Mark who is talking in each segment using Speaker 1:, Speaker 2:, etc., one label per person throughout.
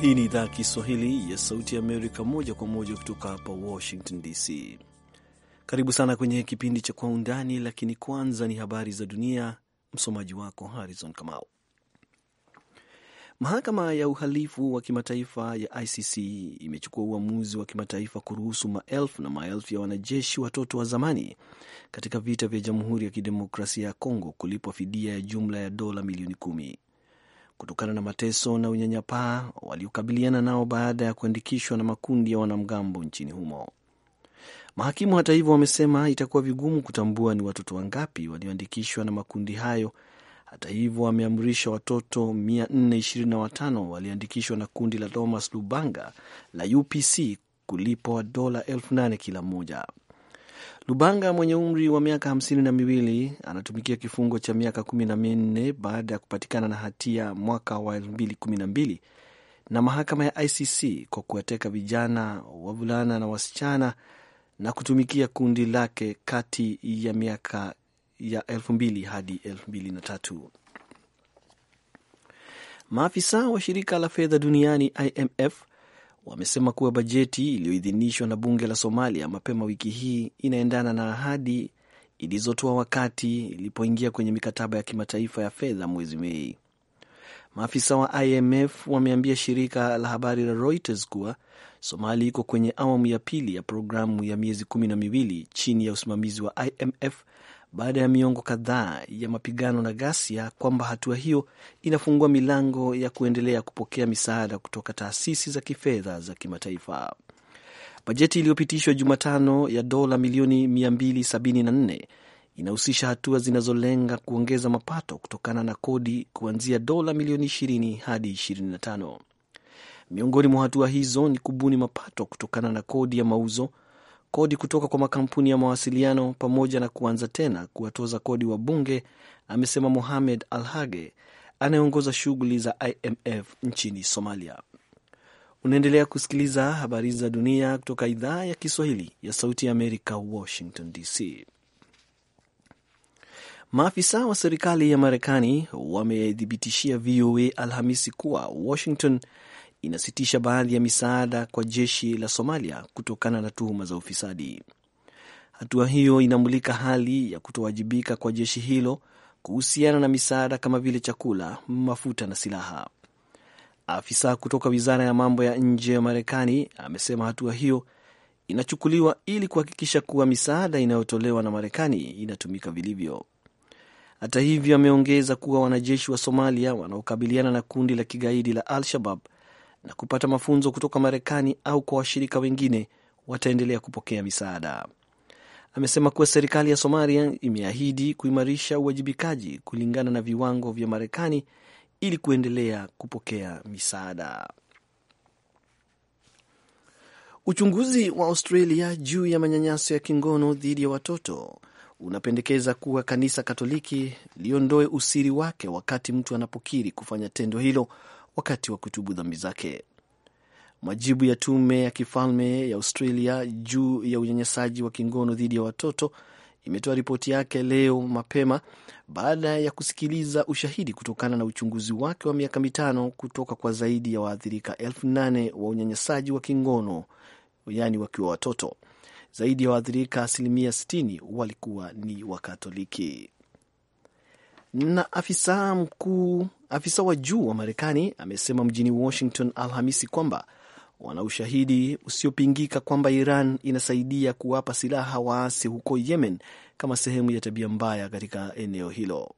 Speaker 1: Hii ni idhaa ya Kiswahili ya Sauti ya Amerika, moja kwa moja kutoka hapa Washington DC. Karibu sana kwenye kipindi cha Kwa Undani, lakini kwanza ni habari za dunia. Msomaji wako Harrison Kamau. Mahakama ya Uhalifu wa Kimataifa ya ICC imechukua uamuzi wa kimataifa kuruhusu maelfu na maelfu ya wanajeshi watoto wa zamani katika vita vya Jamhuri ya Kidemokrasia ya Kongo kulipwa fidia ya jumla ya dola milioni kumi kutokana na mateso na unyanyapaa waliokabiliana nao baada ya kuandikishwa na makundi ya wanamgambo nchini humo. Mahakimu hata hivyo, wamesema itakuwa vigumu kutambua ni watoto wangapi walioandikishwa na makundi hayo. Hata hivyo, wameamrisha watoto 425 waliandikishwa na kundi la Thomas Lubanga la UPC kulipwa dola 8 kila mmoja. Lubanga mwenye umri wa miaka hamsini na miwili anatumikia kifungo cha miaka kumi na minne baada ya kupatikana na hatia mwaka wa elfu mbili kumi na mbili na mahakama ya ICC kwa kuwateka vijana wavulana na wasichana na kutumikia kundi lake kati ya miaka ya elfu mbili hadi elfu mbili na tatu. Maafisa wa shirika la fedha duniani IMF wamesema kuwa bajeti iliyoidhinishwa na bunge la Somalia mapema wiki hii inaendana na ahadi ilizotoa wakati ilipoingia kwenye mikataba ya kimataifa ya fedha mwezi Mei. Maafisa wa IMF wameambia shirika la habari la Reuters kuwa Somali iko kwenye awamu ya pili ya programu ya miezi kumi na miwili chini ya usimamizi wa IMF baada ya miongo kadhaa ya mapigano na ghasia kwamba hatua hiyo inafungua milango ya kuendelea kupokea misaada kutoka taasisi za kifedha za kimataifa. Bajeti iliyopitishwa Jumatano ya dola milioni 274 inahusisha hatua zinazolenga kuongeza mapato kutokana na kodi kuanzia dola milioni 20 hadi 25. Miongoni mwa hatua hizo ni kubuni mapato kutokana na kodi ya mauzo kodi kutoka kwa makampuni ya mawasiliano pamoja na kuanza tena kuwatoza kodi wa bunge amesema Mohamed hage anayeongoza shughuli za IMF nchini Somalia. Unaendelea kusikiliza habari za dunia kutoka idhaa ya Kiswahili ya Sauti ya Amerika, Washington DC. Maafisa wa serikali ya Marekani wamethibitishia VOA Alhamisi kuwa Washington inasitisha baadhi ya misaada kwa jeshi la Somalia kutokana na tuhuma za ufisadi. Hatua hiyo inamulika hali ya kutowajibika kwa jeshi hilo kuhusiana na misaada kama vile chakula, mafuta na silaha. Afisa kutoka wizara ya mambo ya nje ya Marekani amesema hatua hiyo inachukuliwa ili kuhakikisha kuwa misaada inayotolewa na Marekani inatumika vilivyo. Hata hivyo, ameongeza kuwa wanajeshi wa Somalia wanaokabiliana na kundi la kigaidi la Al-Shabab na kupata mafunzo kutoka Marekani au kwa washirika wengine wataendelea kupokea misaada. Amesema kuwa serikali ya Somalia imeahidi kuimarisha uwajibikaji kulingana na viwango vya Marekani ili kuendelea kupokea misaada. Uchunguzi wa Australia juu ya manyanyaso ya kingono dhidi ya watoto unapendekeza kuwa kanisa Katoliki liondoe usiri wake wakati mtu anapokiri kufanya tendo hilo, wakati wa kutubu dhambi zake. Majibu ya tume ya kifalme ya Australia juu ya unyanyasaji wa kingono dhidi ya watoto imetoa ripoti yake leo mapema baada ya kusikiliza ushahidi kutokana na uchunguzi wake wa miaka mitano kutoka kwa zaidi ya waathirika elfu nane wa unyanyasaji wa kingono yaani wakiwa watoto. Zaidi ya waathirika asilimia 60 walikuwa ni Wakatoliki. Na afisa mkuu, afisa wa juu wa Marekani amesema mjini Washington Alhamisi kwamba wana ushahidi usiopingika kwamba Iran inasaidia kuwapa silaha waasi huko Yemen kama sehemu ya tabia mbaya katika eneo hilo.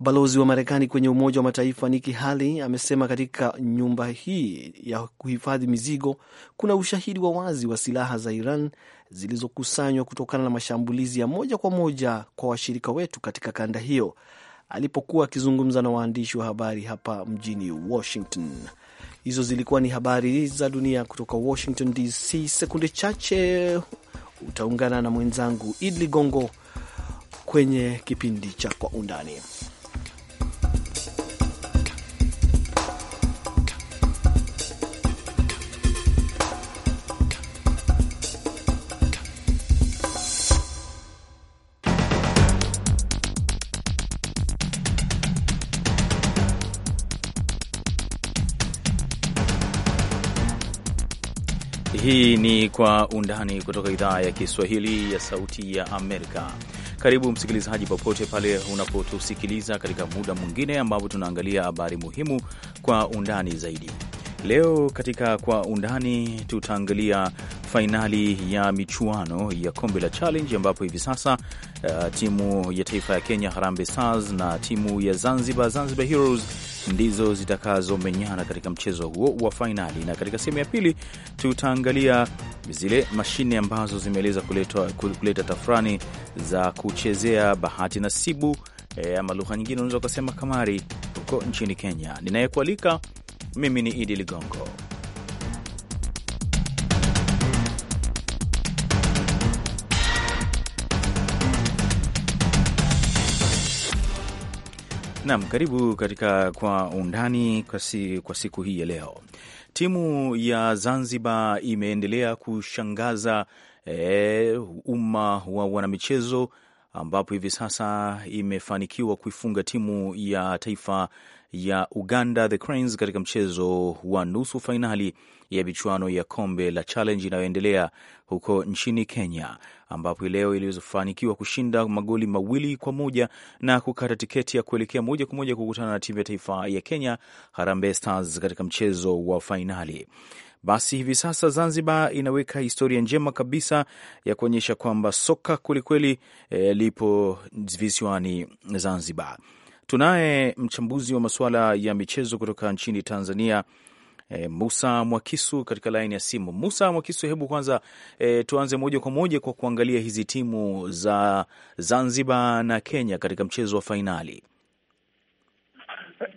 Speaker 1: Balozi wa Marekani kwenye Umoja wa Mataifa Nikki Haley amesema katika nyumba hii ya kuhifadhi mizigo kuna ushahidi wa wazi wa silaha za Iran zilizokusanywa kutokana na mashambulizi ya moja kwa moja kwa washirika wetu katika kanda hiyo, alipokuwa akizungumza na waandishi wa habari hapa mjini Washington. Hizo zilikuwa ni habari za dunia kutoka Washington DC. Sekunde chache utaungana na mwenzangu Idli Gongo kwenye kipindi cha Kwa Undani.
Speaker 2: Hii ni Kwa Undani kutoka idhaa ya Kiswahili ya Sauti ya Amerika. Karibu msikilizaji, popote pale unapotusikiliza katika muda mwingine ambapo tunaangalia habari muhimu kwa undani zaidi. Leo katika Kwa Undani tutaangalia fainali ya michuano ya kombe la Challenge ambapo hivi sasa uh, timu ya taifa ya Kenya Harambee Stars na timu ya Zanzibar Zanzibar Heroes ndizo zitakazomenyana katika mchezo huo wa fainali, na katika sehemu ya pili tutaangalia zile mashine ambazo zimeeleza kuleta tafrani za kuchezea bahati nasibu e, ama lugha nyingine unaweza ukasema kamari huko nchini Kenya. Ninayekualika mimi ni Idi Ligongo. Naam, karibu katika Kwa Undani kasi kwa siku hii ya leo. Timu ya Zanzibar imeendelea kushangaza e, umma wa wanamichezo ambapo hivi sasa imefanikiwa kuifunga timu ya taifa ya Uganda the Cranes katika mchezo wa nusu fainali ya michuano ya kombe la Challenge inayoendelea huko nchini Kenya, ambapo leo ilizofanikiwa kushinda magoli mawili kwa moja na kukata tiketi ya kuelekea moja kwa moja kukutana na timu ya taifa ya Kenya, Harambee Stars, katika mchezo wa fainali. Basi hivi sasa Zanzibar inaweka historia njema kabisa ya kuonyesha kwamba soka kwelikweli eh, lipo visiwani Zanzibar. Tunaye mchambuzi wa masuala ya michezo kutoka nchini Tanzania, e, Musa Mwakisu katika laini ya simu. Musa Mwakisu, hebu kwanza e, tuanze moja kwa moja kwa kuangalia hizi timu za Zanzibar na Kenya katika mchezo wa fainali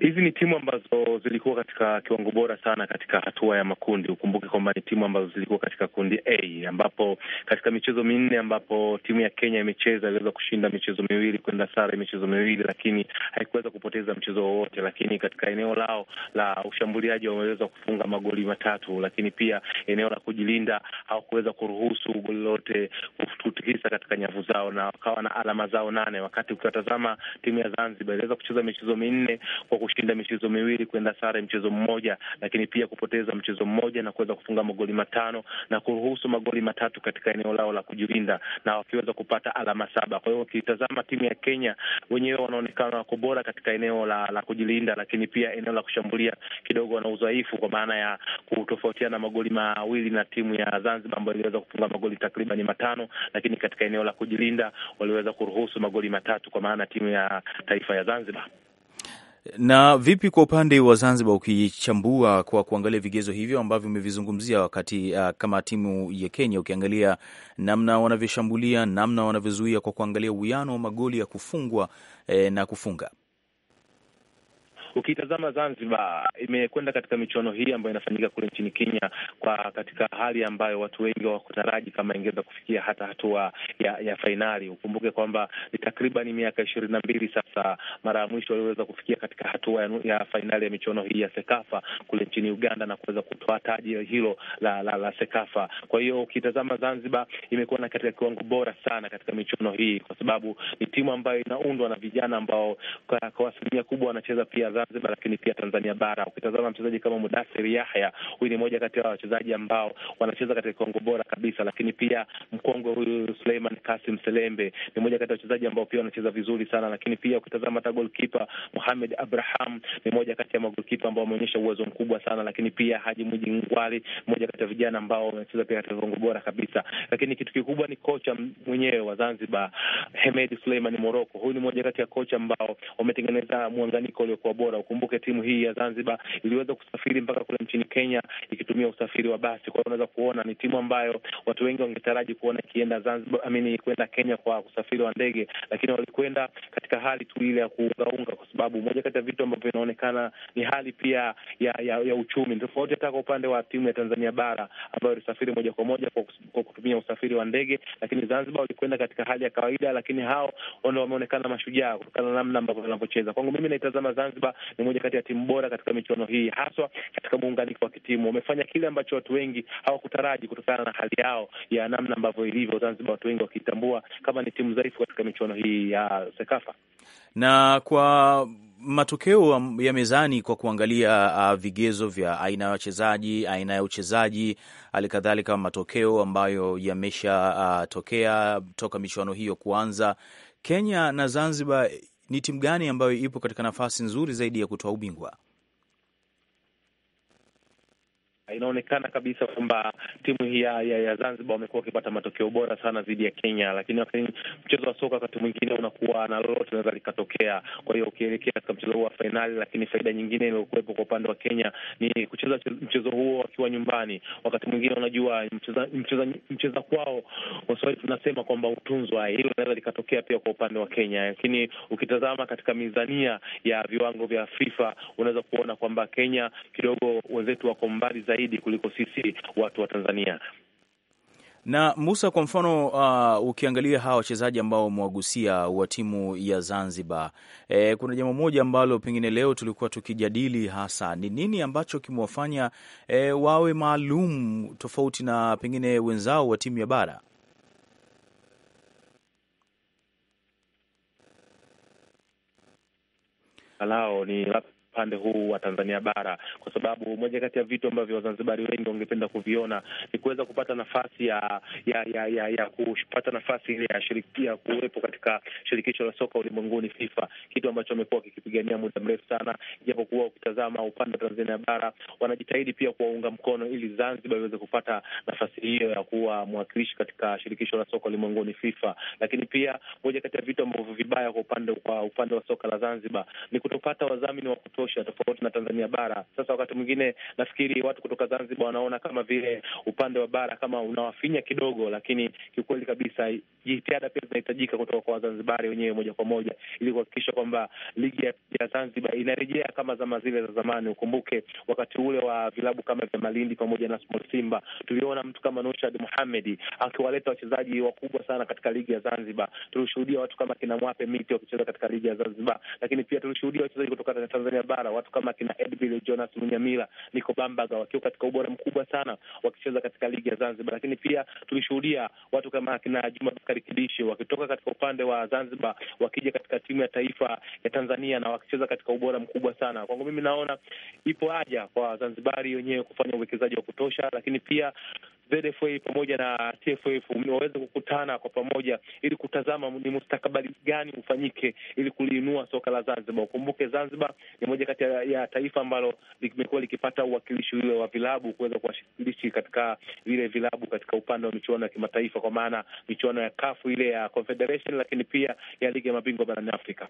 Speaker 2: hizi
Speaker 3: ni timu ambazo zilikuwa katika kiwango bora sana katika hatua ya makundi. Ukumbuke kwamba ni timu ambazo zilikuwa katika kundi A, ambapo katika michezo minne ambapo timu ya Kenya imecheza iliweza kushinda michezo miwili, kwenda sare michezo miwili, lakini haikuweza kupoteza mchezo wowote. Lakini katika eneo lao la ushambuliaji wameweza kufunga magoli matatu, lakini pia eneo la kujilinda hawakuweza kuruhusu goli lote kutikisa katika nyavu zao, na wakawa na alama zao nane. Wakati ukiwatazama timu ya Zanzibar iliweza kucheza michezo minne kwa kushinda michezo miwili kwenda sare mchezo mmoja, lakini pia kupoteza mchezo mmoja na kuweza kufunga magoli matano na kuruhusu magoli matatu katika eneo lao la kujilinda, na wakiweza kupata alama saba. Kwa hiyo ukitazama timu ya Kenya wenyewe wanaonekana wako bora katika eneo la, la kujilinda, lakini pia eneo la kushambulia kidogo wana udhaifu kwa maana ya kutofautiana magoli mawili na timu ya Zanzibar ambayo iliweza kufunga magoli takriban matano, lakini katika eneo la kujilinda waliweza kuruhusu magoli matatu kwa maana timu ya taifa ya Zanzibar
Speaker 2: na vipi kwa upande wa Zanzibar, ukichambua kwa kuangalia vigezo hivyo ambavyo umevizungumzia wakati uh, kama timu ya Kenya, ukiangalia namna wanavyoshambulia, namna wanavyozuia, kwa kuangalia uwiano wa magoli ya kufungwa eh, na kufunga
Speaker 3: Ukitazama Zanzibar imekwenda katika michuano hii ambayo inafanyika kule nchini Kenya kwa katika hali ambayo watu wengi wakutaraji kama ingeweza kufikia hata hatua ya, ya fainali. Ukumbuke kwamba ni takriban miaka ishirini na mbili sasa mara ya mwisho waliweza kufikia katika hatua ya, ya fainali ya michuano hii ya Sekafa kule nchini Uganda na kuweza kutoa taji hilo la, la, la Sekafa. Kwa hiyo ukitazama Zanzibar imekuwa na katika kiwango bora sana katika michuano hii, kwa sababu ni timu ambayo inaundwa na vijana ambao kwa asilimia kubwa wanacheza pia zima, lakini pia Tanzania bara. Ukitazama mchezaji kama Mudasir Yahya, huyu ni moja kati ya wachezaji ambao wanacheza katika kiwango bora kabisa, lakini pia mkongwe huyu Suleiman Kasim Selembe ni moja kati ya wachezaji ambao pia wanacheza vizuri sana, lakini pia ukitazama hata golkipa Muhamed Abraham ni moja kati ya magolkipa ambao wameonyesha uwezo mkubwa sana, lakini pia Haji Mwiji Ngwali, moja kati ya vijana ambao wanacheza pia katika kiwango bora kabisa, lakini kitu kikubwa ni kocha mwenyewe wa Zanzibar Hemedi Suleiman Moroko. Huyu ni moja kati ya kocha ambao wametengeneza muunganiko uliokuwa bora bora. Ukumbuke timu hii ya Zanzibar iliweza kusafiri mpaka kule nchini Kenya ikitumia usafiri wa basi. Kwa hiyo unaweza kuona ni timu ambayo watu wengi wangetaraji kuona ikienda Zanzibar, amini kwenda Kenya kwa usafiri wa ndege, lakini walikwenda katika hali tu ile ya kuungaunga, kwa sababu moja kati ya vitu ambavyo vinaonekana ni hali pia ya ya, ya uchumi. tofauti hata kwa upande wa timu ya Tanzania bara ambayo ilisafiri moja kwa moja kwa kutumia usafiri wa ndege, lakini Zanzibar walikwenda katika hali ya kawaida, lakini hao ndio wameonekana mashujaa kutokana na namna ambavyo wanavyocheza. Kwangu mimi naitazama Zanzibar ni moja kati ya timu bora katika michuano hii, haswa katika muunganiko wa kitimu. Wamefanya kile ambacho watu wengi hawakutaraji kutokana na hali yao ya namna ambavyo ilivyo Zanzibar, watu wengi wakiitambua kama ni timu dhaifu katika michuano hii ya Sekafa
Speaker 2: na kwa matokeo ya mezani kwa kuangalia uh, vigezo vya aina ya wachezaji, aina ya uchezaji, hali kadhalika matokeo ambayo yameshatokea uh, toka michuano hiyo kuanza, Kenya na Zanzibar ni timu gani ambayo ipo katika nafasi nzuri zaidi ya kutoa ubingwa?
Speaker 3: inaonekana kabisa kwamba timu hii ya, ya Zanzibar wamekuwa wakipata matokeo bora sana dhidi ya Kenya, lakini wakati mchezo wa soka wakati mwingine unakuwa na lolote naweza likatokea. Kwa hiyo ukielekea katika mchezo huo wa fainali, lakini faida nyingine iliyokuwepo kwa upande wa Kenya ni kucheza mchezo huo wakiwa nyumbani. Wakati mwingine unajua, mcheza, mcheza, mcheza kwao, Waswahili tunasema kwamba utunzwa. Hilo linaweza likatokea pia kwa upande wa Kenya, lakini ukitazama katika mizania ya viwango vya FIFA unaweza kuona kwamba Kenya kidogo wenzetu wako mbali zaidi zaidi kuliko sisi watu wa Tanzania
Speaker 2: na Musa, kwa mfano uh, ukiangalia hawa wachezaji ambao wamewagusia wa timu ya Zanzibar, e, kuna jambo moja ambalo pengine leo tulikuwa tukijadili hasa ni nini ambacho kimewafanya e, wawe maalum tofauti na pengine wenzao wa timu ya bara.
Speaker 3: Alao ni upande huu wa Tanzania bara, kwa sababu moja kati ya vitu ambavyo Wazanzibari wengi wangependa kuviona ni kuweza kupata nafasi ya ya ya ya, ya kupata nafasi ile ya kuwepo katika shirikisho la soka ulimwenguni FIFA, kitu ambacho wamekuwa wakikipigania muda mrefu sana, ijapokuwa ukitazama upande wa Tanzania bara wanajitahidi pia kuwaunga mkono ili Zanzibar iweze kupata nafasi hiyo ya kuwa mwakilishi katika shirikisho la soka ulimwenguni FIFA. Lakini pia moja kati ya vitu ambavyo vibaya kwa upande kwa upande wa soka la Zanzibar ni kutopata wadhamini wa kutosha Arusha, tofauti na Tanzania bara. Sasa wakati mwingine nafikiri watu kutoka Zanzibar wanaona kama vile upande wa bara kama unawafinya kidogo, lakini kiukweli kabisa jitihada pia zinahitajika kutoka kwa Wazanzibari wenyewe moja kwa moja ili kuhakikisha kwamba ligi ya Zanzibar inarejea kama zama zile za zamani. Ukumbuke wakati ule wa vilabu kama vya Malindi pamoja na Small Simba, tuliona mtu kama Nushad Muhamedi akiwaleta wachezaji wakubwa sana katika ligi ya Zanzibar. Tulishuhudia watu kama kina Mwape Miti wakicheza katika ligi ya Zanzibar, lakini pia tulishuhudia wachezaji kutoka Tanzania bara bara, watu kama kina Edbil Jonas Munyamira, Niko Bambaga wakiwa katika ubora mkubwa sana wakicheza katika ligi ya Zanzibar. Lakini pia tulishuhudia watu kama kina Juma Bakari Kidishi wakitoka katika upande wa Zanzibar wakija katika timu ya taifa ya Tanzania na wakicheza katika ubora mkubwa sana. Kwangu mimi naona ipo haja kwa zanzibari wenyewe kufanya uwekezaji wa kutosha, lakini pia ZFA pamoja na TFF waweze kukutana kwa pamoja ili kutazama ni mustakabali gani ufanyike ili kuliinua soka la Zanzibar. Ukumbuke Zanzibar ni moja kati ya, taifa ambalo limekuwa likipata uwakilishi ule wa vilabu kuweza kuwashirikishi katika vile vilabu katika upande wa michuano ya kimataifa, kwa maana michuano ya kafu ile ya Confederation, lakini pia ya ligi ya mabingwa barani Afrika.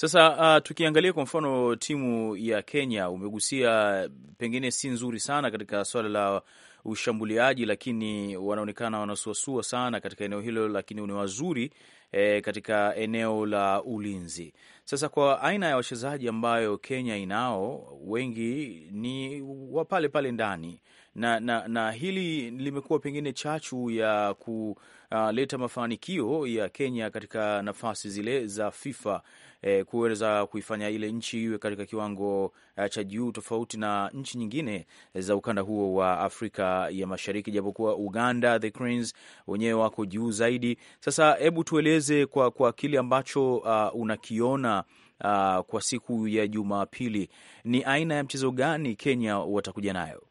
Speaker 2: Sasa uh, tukiangalia kwa mfano timu ya Kenya umegusia, pengine si nzuri sana katika swala la ushambuliaji, lakini wanaonekana wanasuasua sana katika eneo hilo, lakini ni wazuri e, katika eneo la ulinzi. Sasa kwa aina ya wachezaji ambayo Kenya inao, wengi ni wa pale pale ndani na, na, na hili limekuwa pengine chachu ya kuleta uh, mafanikio ya Kenya katika nafasi zile za FIFA e, kuweza kuifanya ile nchi iwe katika kiwango e, cha juu tofauti na nchi nyingine za ukanda huo wa Afrika ya Mashariki, japokuwa Uganda the Cranes wenyewe wako juu zaidi. Sasa hebu tueleze kwa, kwa kile ambacho uh, unakiona uh, kwa siku ya Jumapili, ni aina ya mchezo gani Kenya watakuja nayo?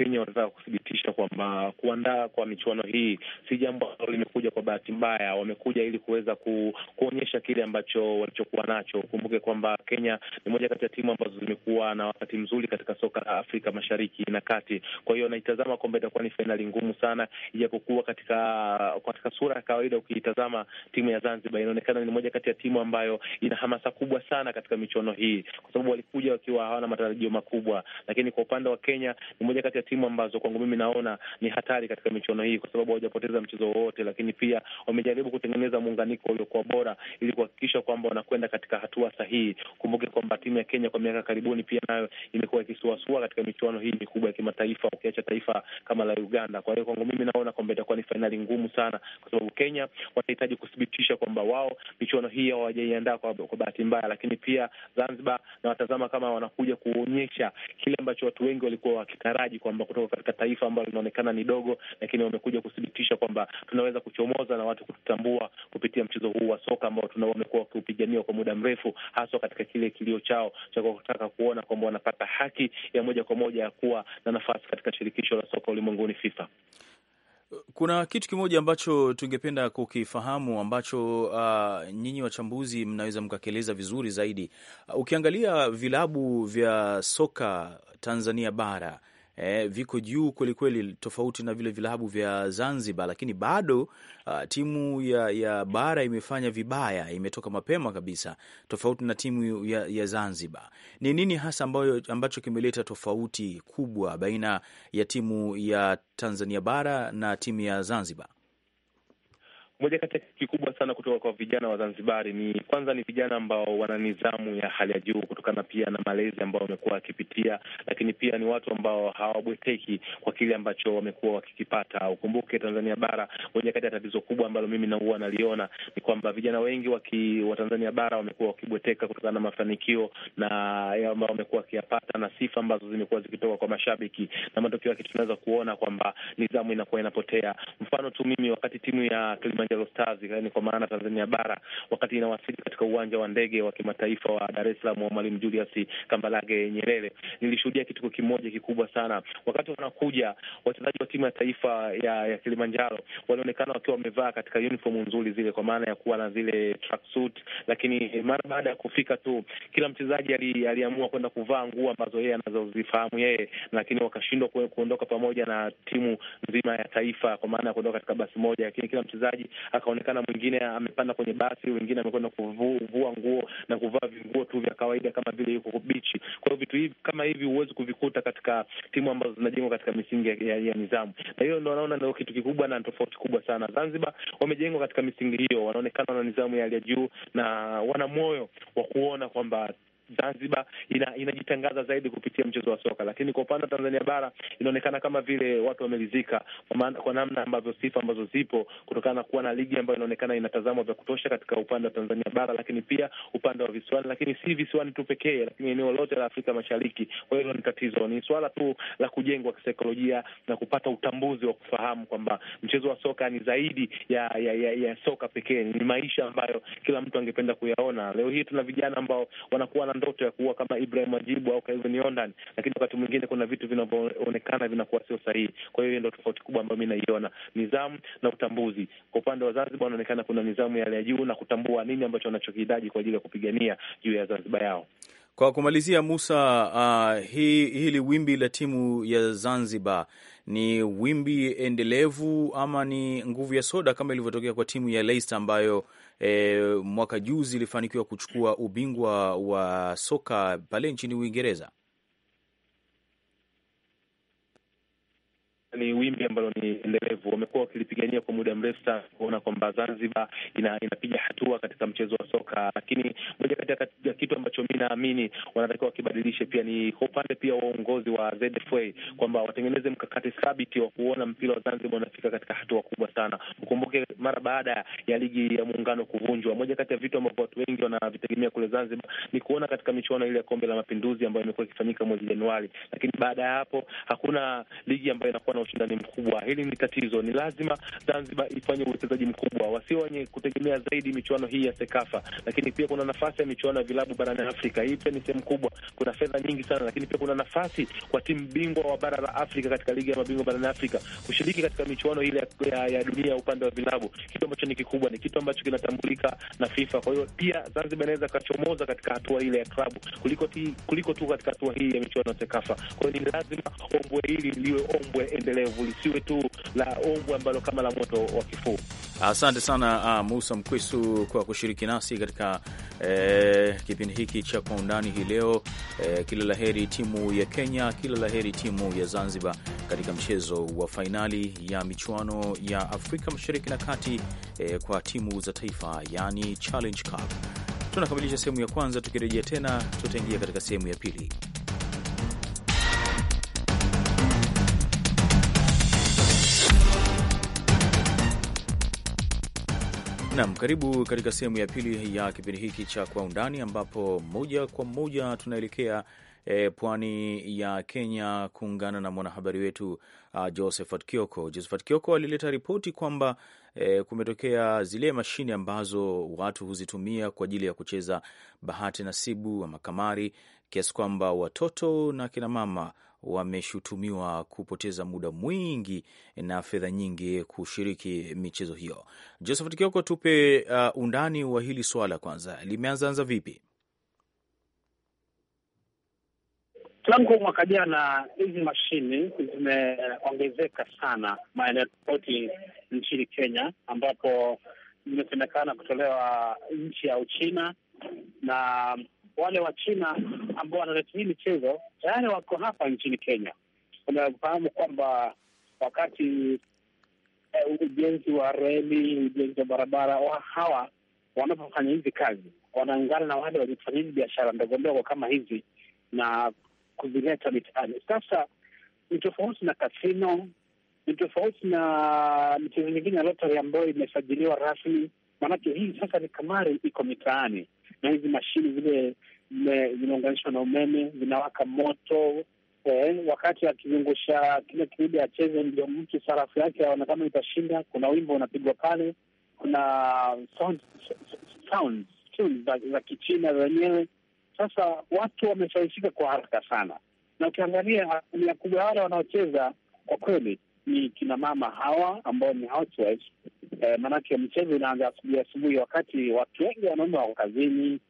Speaker 2: Kenya wanataka kuthibitisha kwamba kuandaa kwa michuano hii si jambo
Speaker 3: ambalo limekuja kwa bahati mbaya. Wamekuja ili kuweza ku, kuonyesha kile ambacho walichokuwa nacho. Ukumbuke kwamba Kenya ni moja kati ya timu ambazo zimekuwa na wakati mzuri katika soka la Afrika Mashariki na Kati. Kwa hiyo naitazama kwamba itakuwa ni fainali ngumu sana, ijapokuwa katika katika sura ya kawaida ukiitazama timu ya Zanzibar inaonekana ni moja kati ya timu ambayo ina hamasa kubwa sana katika michuano hii, kwa sababu walikuja wakiwa hawana matarajio makubwa, lakini kwa upande wa Kenya ni moja kati ya timu ambazo kwangu mimi naona ni hatari katika michuano hii, kwa sababu hawajapoteza mchezo wowote, lakini pia wamejaribu kutengeneza muunganiko uliokuwa bora ili kuhakikisha kwamba wanakwenda katika hatua sahihi. Kumbuke kwamba timu ya Kenya kwa miaka karibuni pia nayo imekuwa ikisuasua katika michuano hii mikubwa ya kimataifa, ukiacha taifa kama la Uganda. Kwa hiyo kwangu mimi naona kwamba itakuwa ni fainali ngumu sana, kwa sababu Kenya wanahitaji kuthibitisha kwamba wao michuano hii hawajaiandaa kwa, kwa bahati mbaya, lakini pia Zanzibar na watazama kama wanakuja kuonyesha kile ambacho watu wengi walikuwa wakitaraji kwamba kwamba kutoka katika taifa ambalo linaonekana ni dogo, lakini wamekuja kuthibitisha kwamba tunaweza kuchomoza na watu kututambua kupitia mchezo huu wa soka ambao wamekuwa wakiupigania kwa muda mrefu, haswa katika kile kilio chao cha kutaka kuona kwamba wanapata haki ya moja kwa moja ya kuwa na nafasi katika shirikisho la soka ulimwenguni FIFA.
Speaker 2: Kuna kitu kimoja ambacho tungependa kukifahamu ambacho uh, nyinyi wachambuzi mnaweza mkakieleza vizuri zaidi. Uh, ukiangalia vilabu vya soka Tanzania bara eh, viko juu kwelikweli, tofauti na vile vilabu vya Zanzibar, lakini bado uh, timu ya, ya bara imefanya vibaya, imetoka mapema kabisa, tofauti na timu ya, ya Zanzibar. Ni nini hasa ambayo, ambacho kimeleta tofauti kubwa baina ya timu ya Tanzania bara na timu ya Zanzibar?
Speaker 3: moja kati ya kikubwa sana kutoka kwa vijana wa Zanzibari ni kwanza, ni vijana ambao wana nidhamu ya hali ya juu kutokana pia na malezi ambayo wamekuwa wakipitia, lakini pia ni watu ambao hawabweteki kwa kile ambacho wamekuwa wakikipata. Ukumbuke Tanzania Bara, moja kati ya tatizo kubwa ambalo mimi nauwa naliona ni kwamba vijana wengi waki, wa Tanzania Bara wamekuwa wakibweteka kutokana na mafanikio na ambao wamekuwa wakiyapata na sifa ambazo zimekuwa zikitoka kwa mashabiki, na matokeo yake tunaweza kuona kwamba nidhamu inakuwa inapotea. Mfano tu mimi wakati timu ya Kilimanjaro Yellow Stars, yaani kwa maana Tanzania bara, wakati inawasili katika uwanja wa ndege wa kimataifa wa Dar es Salaam wa Mwalimu Julius Kambarage Nyerere, nilishuhudia kitu kimoja kikubwa sana. Wakati wanakuja wachezaji wa timu ya taifa ya, ya Kilimanjaro walionekana wakiwa wamevaa katika uniform nzuri zile, kwa maana ya kuwa na zile suit. lakini mara baada ya kufika tu kila mchezaji aliamua kwenda kuvaa nguo ambazo yeye anazozifahamu yeye, lakini wakashindwa kuondoka pamoja na timu nzima ya taifa, kwa maana ya kuondoka katika basi moja, lakini kila mchezaji akaonekana mwingine amepanda kwenye basi, wengine amekwenda kuvua nguo na kuvaa vinguo tu vya kawaida kama vile yuko bichi. Kwa hiyo vitu hivi kama hivi huwezi kuvikuta katika timu ambazo zinajengwa katika misingi ya, ya, ya nidhamu, na hiyo ndo wanaona ndo kitu kikubwa na tofauti kubwa sana. Zanzibar wamejengwa katika misingi hiyo, wanaonekana wana nidhamu ya hali ya juu na wana moyo wa kuona kwamba Zanzibar ina, inajitangaza zaidi kupitia mchezo wa soka, lakini kwa upande wa Tanzania bara inaonekana kama vile watu wamelizika kwa namna ambavyo sifa ambazo zipo kutokana na kuwa na ligi ambayo inaonekana inatazamwa vya kutosha katika upande wa Tanzania bara, lakini pia upande wa visiwani, lakini si visiwani tu pekee, lakini eneo lote la Afrika Mashariki. Kwa hiyo ni tatizo, ni swala tu la kujengwa kisaikolojia na kupata utambuzi wa kufahamu kwamba mchezo wa soka ni zaidi ya ya, ya, ya soka pekee, ni maisha ambayo kila mtu angependa kuyaona. Leo hii tuna vijana ambao wanakuwa na ndoto ya kuwa kama Ibrahim Majibu au Kelvin Yondan, lakini wakati mwingine kuna vitu vinavyoonekana vinakuwa sio sahihi. Kwa hiyo hiyo ndo tofauti kubwa ambayo mi naiona, nizamu na utambuzi. Kwa upande wa Zanzibar wanaonekana kuna nizamu ya hali ya juu na kutambua nini ambacho wanachokihitaji kwa ajili ya kupigania
Speaker 2: juu ya Zanzibar yao. Kwa kumalizia, Musa, uh, ah, hii hili wimbi la timu ya Zanzibar ni wimbi endelevu ama ni nguvu ya soda kama ilivyotokea kwa timu ya Leicester ambayo e, mwaka juzi ilifanikiwa kuchukua ubingwa wa soka pale nchini Uingereza.
Speaker 3: ni wimbi ambalo ni endelevu, wamekuwa wakilipigania kwa
Speaker 2: muda mrefu sana,
Speaker 3: kuona kwamba Zanzibar ina, inapiga hatua katika mchezo wa soka. Lakini moja kati ya kitu ambacho mi naamini wanatakiwa wakibadilishe pia ni kwa upande pia uongozi wa ZFA kwamba watengeneze mkakati thabiti wa kuona mpira wa Zanzibar unafika katika hatua kubwa sana. Ukumbuke mara baada ya ligi ya muungano kuvunjwa, moja kati ya vitu ambavyo watu wengi wanavitegemea kule Zanzibar ni kuona katika michuano ile ya kombe la mapinduzi ambayo imekuwa ikifanyika mwezi Januari, lakini baada ya hapo hakuna ligi ambayo inakuwa na ushindani mkubwa. Hili ni tatizo, ni lazima Zanzibar ifanye uwekezaji mkubwa, wasio wenye kutegemea zaidi michuano hii ya Sekafa. Lakini pia kuna nafasi ya michuano ya vilabu barani Afrika, hii pia ni sehemu kubwa, kuna fedha nyingi sana. Lakini pia kuna nafasi kwa timu bingwa wa bara la Afrika katika ligi ya mabingwa barani Afrika kushiriki katika michuano ile ya, ya dunia upande wa vilabu, kitu ambacho ni kikubwa, ni kitu ambacho kinatambulika na FIFA. Kwa hiyo pia Zanzibar inaweza kachomoza katika hatua ile ya klabu kuliko, kuliko tu katika hatua hii ya michuano ya Sekafa. Kwa hiyo ni lazima ombwe hili liwe ombwe ende endelevu lisiwe tu la ombwe ambalo kama la moto wa kifuu.
Speaker 2: Asante sana uh, Musa Mkwisu kwa kushiriki nasi katika eh, kipindi hiki cha Kwa Undani hii leo. Eh, kila la heri timu ya Kenya, kila la heri timu ya Zanzibar katika mchezo wa fainali ya michuano ya Afrika Mashariki na Kati eh, kwa timu za taifa, yani Challenge Cup. Tunakamilisha sehemu ya kwanza, tukirejea tena tutaingia katika sehemu ya pili. Nam, karibu katika sehemu ya pili ya kipindi hiki cha Kwa Undani, ambapo moja kwa moja tunaelekea e, pwani ya Kenya kuungana na mwanahabari wetu uh, Josephat Kioko. Josephat Kioko alileta ripoti kwamba e, kumetokea zile mashine ambazo watu huzitumia kwa ajili ya kucheza bahati nasibu ama kamari, kiasi kwamba watoto na kinamama wameshutumiwa kupoteza muda mwingi na fedha nyingi kushiriki michezo hiyo. Josephat Kioko, tupe uh, undani wa hili swala kwanza, limeanzaanza vipi?
Speaker 4: Tangu mwaka jana hizi mashine zimeongezeka sana maeneo tofauti nchini Kenya, ambapo zimesemekana kutolewa nchi ya Uchina na wale wa China ambao wanaleta hii michezo tayari wako hapa nchini Kenya. Unafahamu kwamba wakati eh, ujenzi wa reli, ujenzi wa barabara, wa hawa wanapofanya hizi kazi wanaungana na wale waliofanya hizi biashara ndogo ndogo kama hizi na kuzileta mitaani. Sasa ni tofauti na kasino, ni tofauti na michezo mingine ya lotari ambayo imesajiliwa rasmi, maanake hii sasa ni kamari iko mitaani na hizi mashini zile zinaunganishwa na umeme zinawaka moto eh, wakati akizungusha kile kirudi acheze ndio mtu sarafu yake aona kama itashinda. Kuna wimbo unapigwa pale, kuna sound, sound, tunes za Kichina zenyewe. Sasa watu wameshawishika kwa haraka sana, na ukiangalia asilimia kubwa wale wanaocheza kwa kweli ni kina mama hawa ambao ni housewives eh, maanake mchezo inaanza asubuhi asubuhi, wakati watu wengi wanaume wako kazini,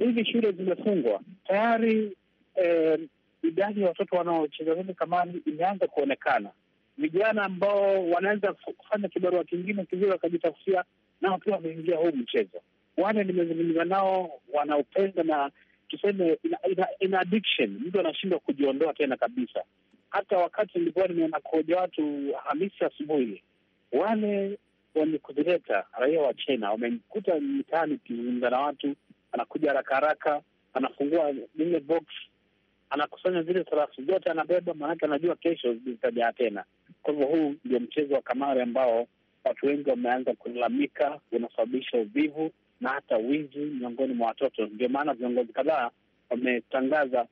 Speaker 4: hivi shule zimefungwa tayari. Eh, idadi ya watoto wanaocheza humu kamani imeanza kuonekana, vijana ambao wanaweza kufanya kibarua kingine kizuri wakajitafutia, nao pia wameingia huu mchezo. Wale nimezungumza nao wanaupenda na tuseme ina, ina, ina addiction, mtu anashindwa kujiondoa tena kabisa. Hata wakati nilikuwa nimeona koja watu Hamisi asubuhi wale wamekuzileta raia wa China wamemkuta mtaani kizungumza na watu, anakuja haraka haraka, anafungua lile box, anakusanya zile sarafu zote, anabeba, maanake anajua kesho zitajaa tena. Kwa hivyo huu ndio mchezo wa kamari ambao watu wengi wameanza kulalamika unasababisha uvivu na hata wizi miongoni mwa watoto. Ndio maana viongozi kadhaa wametangaza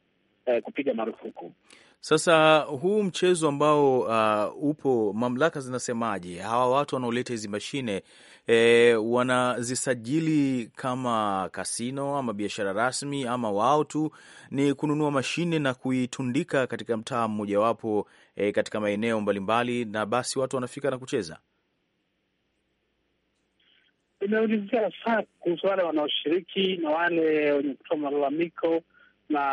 Speaker 4: eh, kupiga marufuku
Speaker 2: sasa huu mchezo ambao uh, upo, mamlaka zinasemaje? Hawa watu wanaoleta hizi mashine e, wanazisajili kama kasino ama biashara rasmi, ama wao tu ni kununua mashine na kuitundika katika mtaa mmojawapo, e, katika maeneo mbalimbali, na basi watu wanafika na kucheza.
Speaker 4: Imeulizia sana kuhusu wale wanaoshiriki na wale wenye kutoa malalamiko na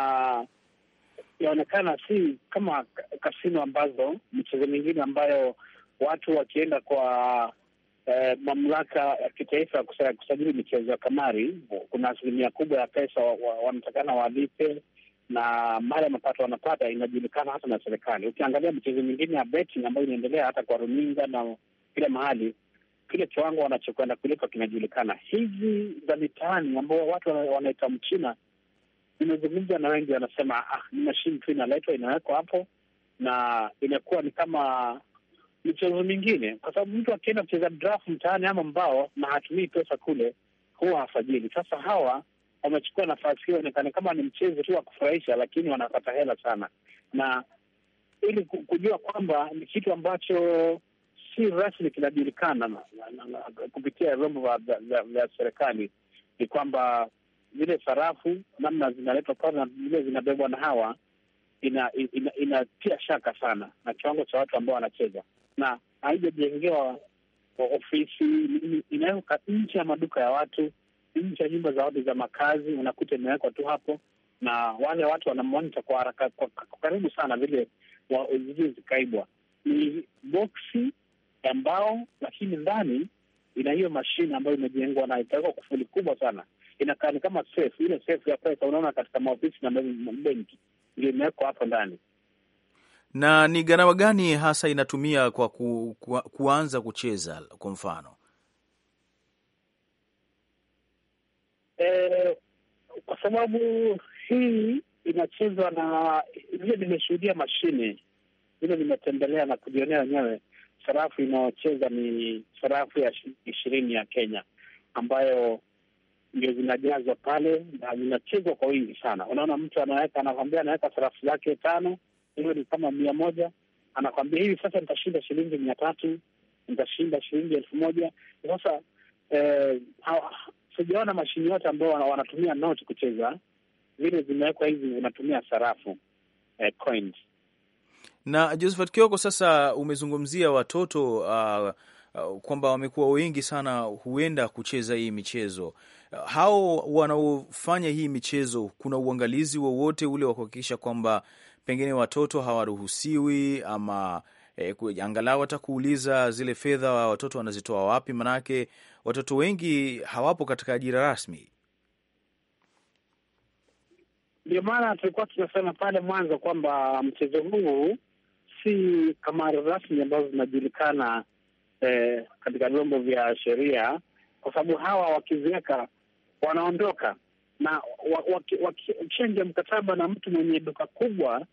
Speaker 4: yaonekana si kama kasino ambazo michezo mingine ambayo watu wakienda kwa eh, mamlaka ya kitaifa ya kusajili michezo ya kamari, kuna asilimia kubwa ya pesa wanatakana wa, wa walipe na mali ya mapato wanapata inajulikana hata na serikali. Ukiangalia michezo mingine ya betting ambayo inaendelea hata kwa runinga na kila mahali, kile kiwango wanachokwenda kulipa kinajulikana. Hizi za mitaani ambao watu wanaita mchina nimezungumza na wengi, wanasema ah, ni mashini tu inaletwa inawekwa hapo na inakuwa ni kama michezo mingine, kwa sababu mtu akienda kucheza draft mtaani ama mbao na hatumii pesa kule, huwa hafajili. Sasa hawa wamechukua nafasi hiyo, onekana kama ni mchezo tu wa kufurahisha, lakini wanapata hela sana, na ili kujua kwamba ni kitu ambacho si rasmi kinajulikana kupitia vyombo vya serikali, ni kwamba zile sarafu namna zinaletwa kwanza, zile zinabebwa na hawa, inatia ina, ina shaka sana na kiwango cha watu ambao wanacheza, na haijajengewa ofisi, inaweka nje ya maduka ya watu, nje ya nyumba za watu za makazi, unakuta imewekwa tu hapo, na wale watu wanamonita kwa haraka, kwa karibu sana vile zile zikaibwa. Ni boksi ya mbao, lakini ndani ina hiyo mashine ambayo imejengwa na itawekwa kufuli kubwa sana inakaa ni kama safe, ile safe ya pesa unaona katika maofisi na benki, ndio imewekwa hapo ndani.
Speaker 2: Na ni gharama gani hasa inatumia kwa ku, ku, kuanza kucheza kwa mfano?
Speaker 4: E, kwa sababu hii inachezwa na vile nimeshuhudia mashine vile nimetembelea na kujionea wenyewe, sarafu inayocheza ni sarafu ya ishirini ya Kenya ambayo ndio zinajazwa pale na zinachezwa kwa wingi sana. Unaona, mtu anaweka anakwambia, anaweka sarafu yake tano, hiyo ni kama mia moja, anakwambia hivi sasa nitashinda shilingi mia tatu, nitashinda shilingi elfu moja. Sasa eh, sijaona mashini yote ambao wanatumia noti kucheza, vile zimewekwa hizi zinatumia sarafu eh, coins.
Speaker 2: Na Josephat Kioko, sasa umezungumzia watoto uh, Uh, kwamba wamekuwa wengi sana huenda kucheza hii michezo. Uh, hao wanaofanya hii michezo, kuna uangalizi wowote ule wa kuhakikisha kwamba pengine watoto hawaruhusiwi ama E, angalau hata kuuliza zile fedha wa watoto wanazitoa wapi, manake watoto wengi hawapo katika ajira rasmi.
Speaker 4: Ndio maana tulikuwa tunasema pale mwanzo kwamba mchezo huu si kamari rasmi ambazo zinajulikana eh, katika vyombo vya sheria, kwa sababu hawa wakiziweka wanaondoka na wakichenja mkataba na mtu mwenye duka kubwa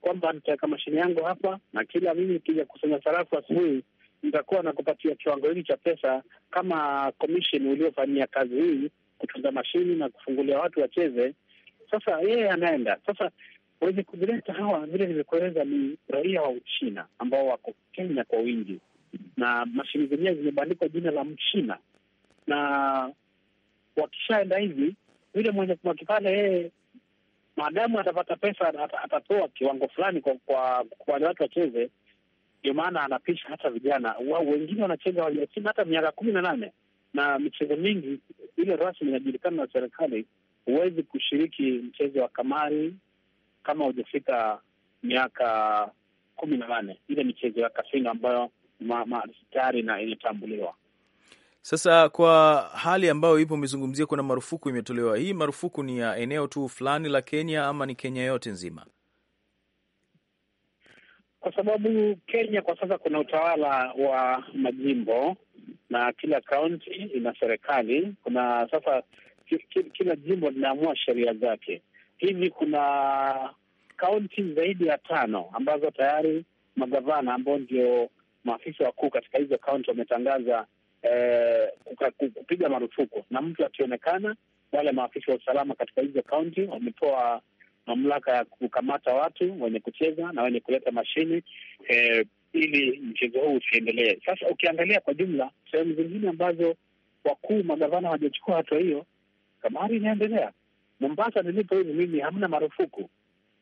Speaker 4: kwamba nitaweka mashine yangu hapa na kila mimi ikija kusanya sarafu asubuhi nitakuwa na kupatia kiwango hiki cha pesa kama commission uliofanyia kazi hii kutunza mashini na kufungulia watu wacheze. Sasa yeye anaenda sasa. Wenye kuvileta hawa vile nimekueleza, ni raia wa Uchina ambao wako Kenya kwa wingi, na mashine zenyewe zimebandikwa jina la Mchina, na wakishaenda hivi, yule mwenye kipande yeye, maadamu atapata pesa, atatoa kiwango fulani kwa kwa wale watu wacheze. Ndio maana anapisha hata vijana wao, wengine wanacheza walio chini hata miaka kumi na nane, na michezo mingi ile rasmi inajulikana na serikali. Huwezi kushiriki mchezo wa kamari kama hujafika miaka kumi na nane, ile michezo ya kasino ambayo tayari inatambuliwa.
Speaker 2: Sasa kwa hali ambayo ipo, umezungumzia kuna marufuku imetolewa. Hii marufuku ni ya eneo tu fulani la Kenya ama ni Kenya yote nzima?
Speaker 4: Kwa sababu Kenya kwa sasa kuna utawala wa majimbo na kila kaunti ina serikali. Kuna sasa kila jimbo linaamua sheria zake. Hivi kuna kaunti zaidi ya tano ambazo tayari magavana ambao ndio maafisa wakuu katika hizo kaunti wametangaza eh, kupiga marufuku, na mtu akionekana, wale maafisa wa usalama katika hizo kaunti wametoa mamlaka ya kukamata watu wenye kucheza na wenye kuleta mashine eh, ili mchezo huu usiendelee. Sasa ukiangalia kwa jumla, sehemu zingine ambazo wakuu magavana hawajachukua hatua hiyo, kamari inaendelea. Mombasa nilipo hivi mimi hamna marufuku,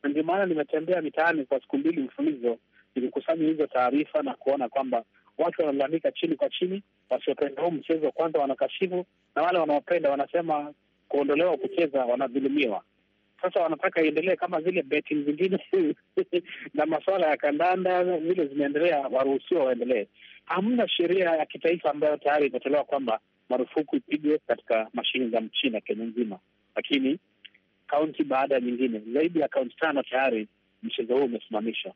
Speaker 4: na ndio maana nimetembea mitaani kwa siku mbili mfulizo ilikusanya hizo taarifa na kuona kwamba watu wanalalamika chini kwa chini, wasiopenda huu mchezo wa kwanza wanakashifu, na wale wanaopenda wanasema kuondolewa kucheza wanadhulumiwa. Sasa wanataka iendelee kama zile betting zingine na masuala ya kandanda zile zinaendelea, waruhusiwa waendelee. Hamna sheria ya kitaifa ambayo tayari imetolewa kwamba marufuku ipigwe katika mashine za mchina Kenya nzima, lakini kaunti baada ya nyingine, zaidi ya kaunti tano tayari mchezo huu umesimamishwa.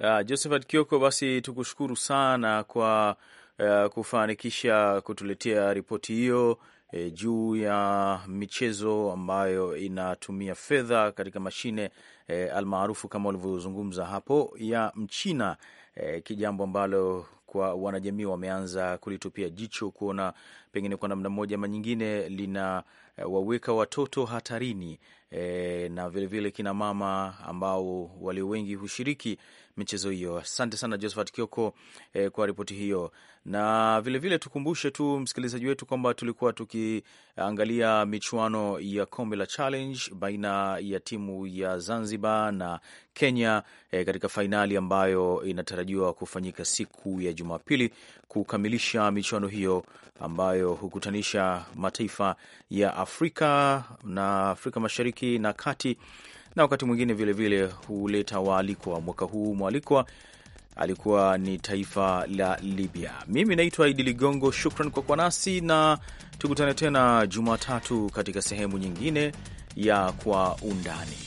Speaker 2: Uh, Josephat Kioko, basi tukushukuru sana kwa uh, kufanikisha kutuletea ripoti hiyo eh, juu ya michezo ambayo inatumia fedha katika mashine eh, almaarufu kama ulivyozungumza hapo ya Mchina eh, kijambo ambalo kwa wanajamii wameanza kulitupia jicho kuona pengine kwa namna moja ama nyingine eh, waweka watoto hatarini e, na vilevile kina mama ambao walio wengi hushiriki michezo hiyo. Asante sana Josephat Kioko e, kwa ripoti hiyo, na vilevile vile tukumbushe tu msikilizaji wetu kwamba tulikuwa tukiangalia michuano ya kombe la Challenge baina ya timu ya Zanzibar na Kenya e, katika fainali ambayo inatarajiwa kufanyika siku ya Jumapili kukamilisha michuano hiyo ambayo hukutanisha mataifa ya Afrika na Afrika Mashariki mashariki na kati, na wakati mwingine vilevile huleta waalikwa. Mwaka huu mwalikwa alikuwa ni taifa la Libya. Mimi naitwa Idi Ligongo, shukran kwa kuwa nasi na tukutane tena Jumatatu katika sehemu nyingine ya Kwa Undani.